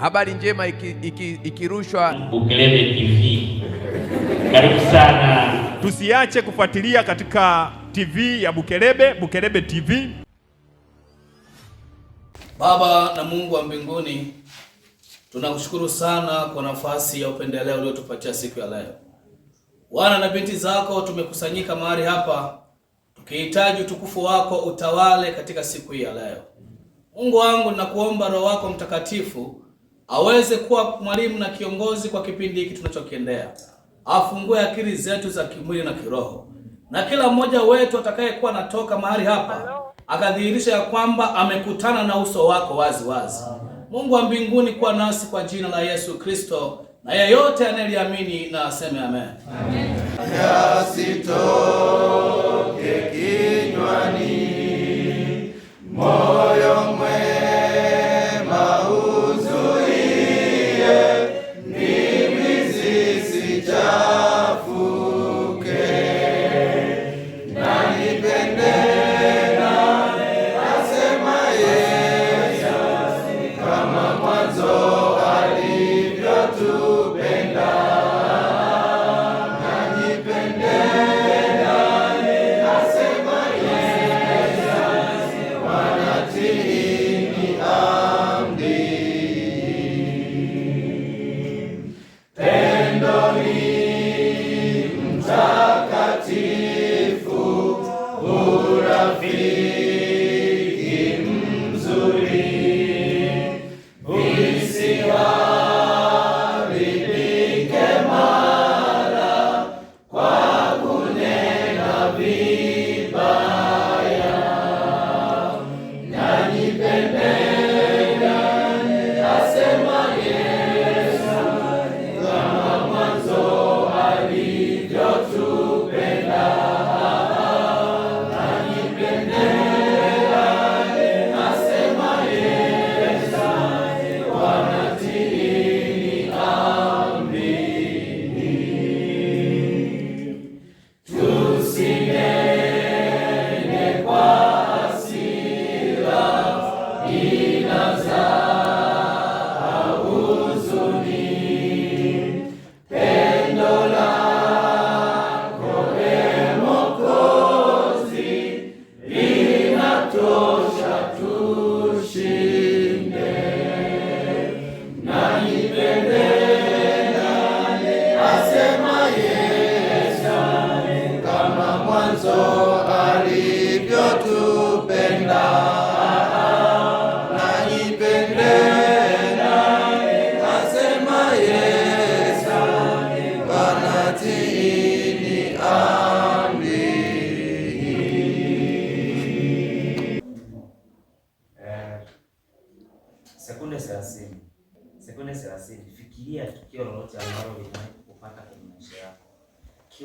Habari njema ikirushwa iki, iki Bukelebe TV. Karibu sana, tusiache kufuatilia katika TV ya Bukelebe, Bukelebe TV. Baba na Mungu wa mbinguni, tunakushukuru sana kwa nafasi ya upendeleo uliotupatia siku ya leo. Wana na binti zako tumekusanyika mahali hapa tukihitaji utukufu wako utawale katika siku hii ya leo. Mungu wangu, nakuomba Roho wako Mtakatifu aweze kuwa mwalimu na kiongozi kwa kipindi hiki tunachokiendea, afungue akili zetu za kimwili na kiroho, na kila mmoja wetu atakayekuwa anatoka mahali hapa akadhihirisha ya kwamba amekutana na uso wako wazi wazi. Mungu wa mbinguni, kuwa nasi kwa jina la Yesu Kristo, na yeyote anayeliamini na aseme amen, amen. Yasitoke kinywani moyo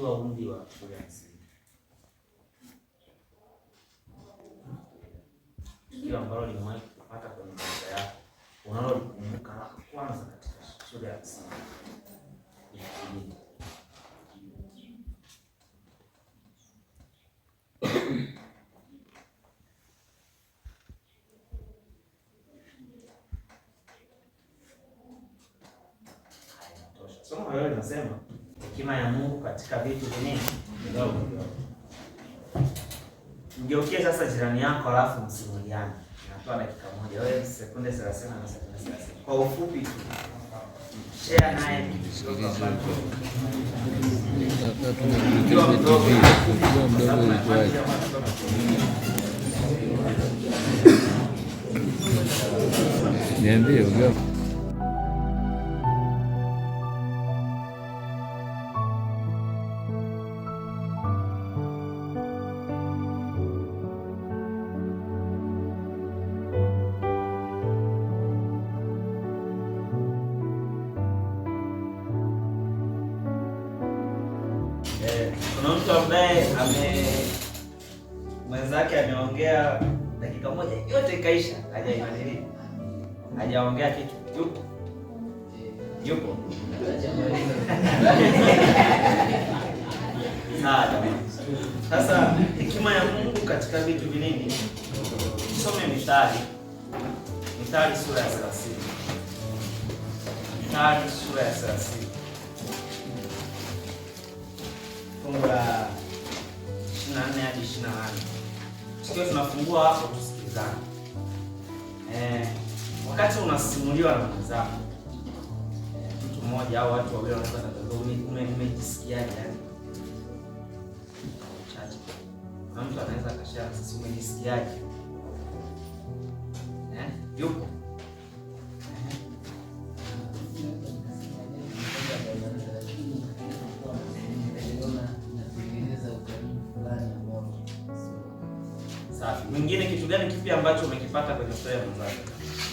kufikiwa umri wa ujauzito. Hiyo ambalo nimewahi kupata kwenye maisha yako unalolikumbuka la kwanza katika shule ya msingi ya kilimo Mgeukie sasa jirani yako alafu msimuliane. Natoa dakika moja. Wewe sekunde 30 na sekunde 30. Kwa ufupi tu. Share naye kitu kidogo ambacho ndio Niambie, ugao. ame mwenzake ameongea dakika moja yote ikaisha, hajainani hajaongea kitu. Yupo yupo Sasa hekima ya Mungu katika vitu vinini, tusome Mithali, Mithali sura ya 30. Mithali sura ya 30 fungu la Tukiwa tunafungua hapo tusikilizane. Eh, wakati unasimuliwa na mwenzako eh, mtu mmoja au watu wawili wanaweza kutazama, umejisikiaje? Yani chache na mtu anaweza akashare, sisi umejisikiaje? Eh, yupo mwingine kitu gani kipi ambacho umekipata kwenye story ya mwenzako?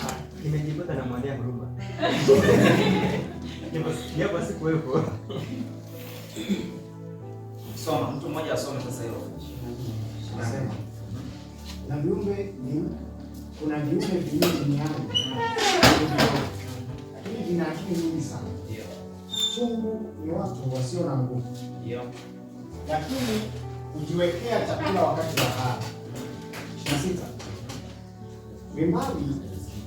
Ah, nimejipata na ni huruma. Japo sikuwepo. Soma, mtu mmoja asome sasa hiyo. Nasema. Na viumbe ni kuna viumbe vingi duniani. Lakini vina akili nyingi sana. Ndio. Chungu ni watu wasio na nguvu. Ndio. Lakini kujiwekea chakula wakati wa hala sita. Mimbari,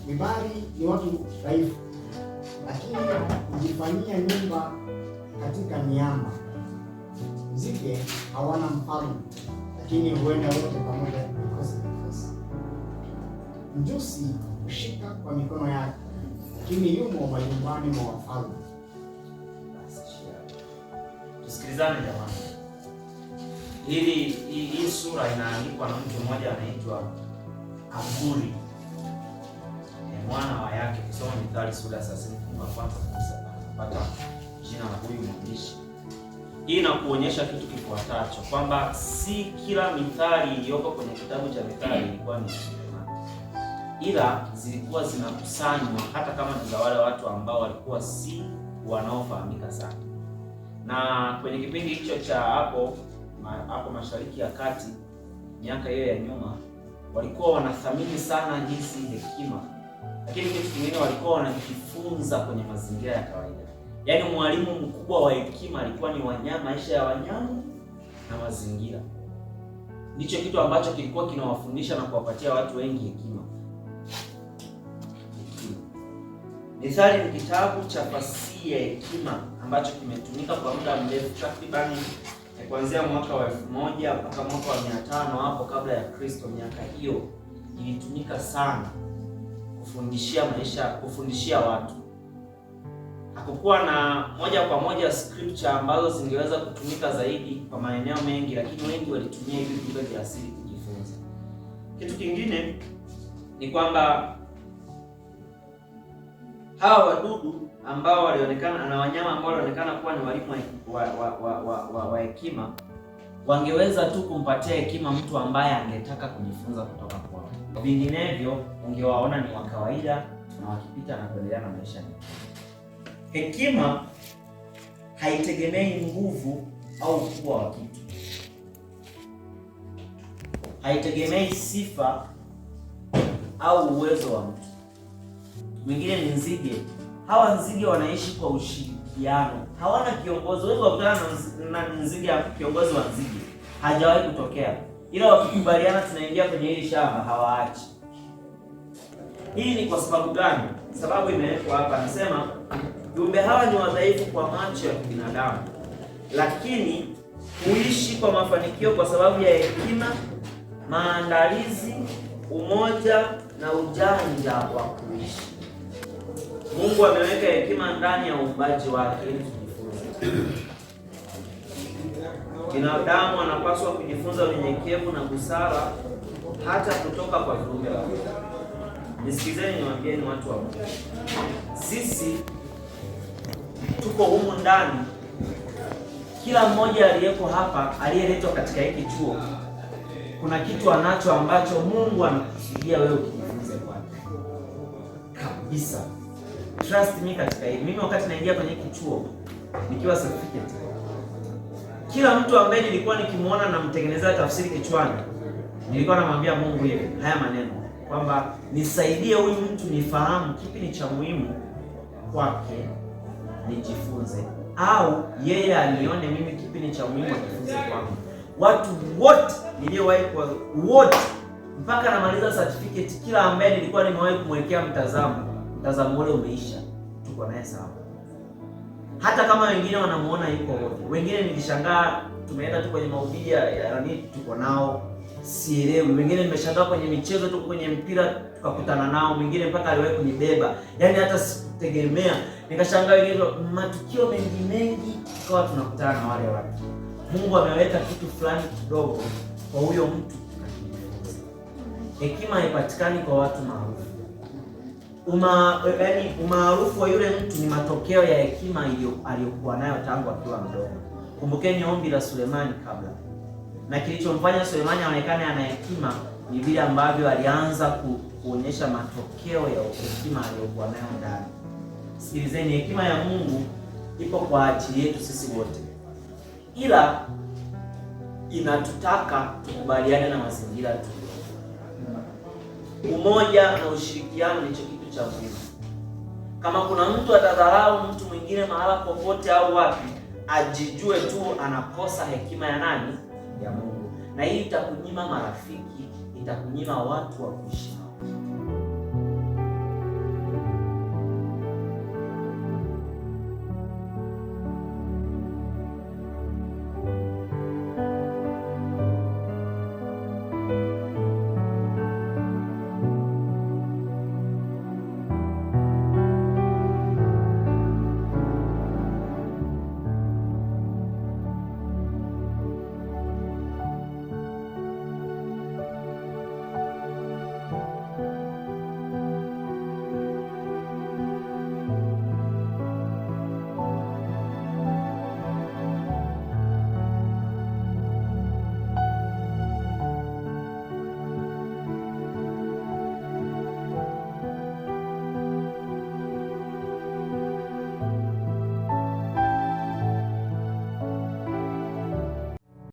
mimbari ni watu dhaifu, lakini kujifanyia nyumba katika miamba. Nzige hawana mfalme, lakini huenda wote pamoja kukosa kukosa. Mjusi hushika kwa mikono yake, lakini yumo majumbani mwa wafalme. Tusikilizane jamani. Hili hii sura inaandikwa na mtu mmoja anaitwa ni e, mwana wa yake. Kusoma Mithali sura ya 30 fungu la kwanza kabisa pata jina la huyu mwandishi. Hii inakuonyesha kitu kifuatacho kwamba si kila mithali iliyoko kwenye kitabu cha Mithali ilikuwa ni ila zilikuwa zinakusanywa hata kama ni za wale watu ambao walikuwa si wanaofahamika sana, na kwenye kipindi hicho cha hapo hapo Mashariki ya Kati miaka hiyo ya nyuma walikuwa wanathamini sana jinsi hekima, lakini kitu kingine walikuwa wanajifunza kwenye mazingira ya kawaida. Yaani mwalimu mkubwa wa hekima alikuwa ni wanyama, maisha ya wanyama na mazingira. Ndicho kitu ambacho kilikuwa kinawafundisha na kuwapatia watu wengi hekima. Mithali ni kitabu cha fasihi ya hekima ambacho kimetumika kwa muda mrefu takribani kuanzia mwaka wa elfu moja mpaka mwaka wa mia tano hapo kabla ya Kristo. Miaka hiyo ilitumika sana kufundishia maisha, kufundishia watu. Hakukuwa na moja kwa moja scripture ambazo zingeweza kutumika zaidi kwa maeneo mengi, lakini wengi walitumia hivi viumbe vya asili kujifunza. Kitu kingine ni kwamba hawa wadudu ambao walionekana na wanyama ambao walionekana kuwa ni walimu wa hekima wa, wa, wa, wa, wa wangeweza tu kumpatia hekima mtu ambaye angetaka kujifunza kutoka kwao, vinginevyo ungewaona ni wa kawaida na wakipita na kuendelea na maisha. Hekima haitegemei nguvu au ukubwa wa kitu, haitegemei sifa au uwezo wa mtu mwingine ni nzige. Hawa nzige wanaishi kwa ushirikiano, hawana kiongozi. Huwezi kukutana na nzige, kiongozi wa nzige hajawahi kutokea, ila wakikubaliana, tunaingia kwenye hili shamba, hawaachi. Hii ni kwa sababu gani? Sababu imewekwa hapa, anasema viumbe hawa ni wadhaifu kwa macho ya binadamu, lakini huishi kwa mafanikio kwa sababu ya hekima, maandalizi, umoja na ujanja wa kuishi. Mungu ameweka hekima ndani ya uumbaji wake ili tujifunze. Binadamu anapaswa kujifunza unyenyekevu na busara hata kutoka kwa viumbe wa Mungu. Nisikizeni niwaambieni, watu wa Mungu, sisi tuko humu ndani, kila mmoja aliyeko hapa, aliyeletwa katika hiki chuo, kuna kitu anacho ambacho Mungu anakusudia wewe kabisa. Trust me katika hili. Mimi wakati naingia kwenye kichuo nikiwa certificate, kila mtu ambaye nilikuwa nikimuona namtengeneza tafsiri kichwani, nilikuwa namwambia Mungu hivi haya maneno kwamba nisaidie huyu mtu nifahamu kipi ni cha muhimu kwake nijifunze, au yeye alione mimi kipi ni cha muhimu ajifunze kwangu. Watu wote niliyowahi kwa wote mpaka namaliza certificate, kila ambaye nilikuwa nimewahi kumwekea mtazamo mtazamo ule umeisha, tuko naye sawa. Hata kama wengine wanamuona yuko wote, wengine nikishangaa, tumeenda tu kwenye mahubiri ya nani, tuko nao sielewi, wengine nimeshangaa kwenye michezo, tuko kwenye mpira tukakutana nao, mwingine mpaka aliwahi kunibeba, yaani hata sikutegemea, nikashangaa. Wengine matukio mengi mengi, tukawa tunakutana na wale watu. Mungu ameweka kitu fulani kidogo kwa huyo mtu. Hekima haipatikani kwa watu maarufu yaani umaarufu wa yule mtu ni matokeo ya hekima aliyokuwa nayo tangu akiwa mdogo. Kumbukeni ombi la Sulemani kabla, na kilichomfanya Sulemani aonekane ana hekima ni vile ambavyo alianza ku, kuonyesha matokeo ya hekima aliyokuwa nayo ndani. Sikilizeni, hekima ya Mungu ipo kwa ajili yetu sisi wote, ila inatutaka tukubaliane na mazingira tu. Umoja na ushirikiano ni cha uzima. Kama kuna mtu atadharau mtu mwingine mahala popote au wapi, ajijue tu anakosa hekima ya nani? Ya Mungu. Na hii itakunyima marafiki, itakunyima watu wa kuishi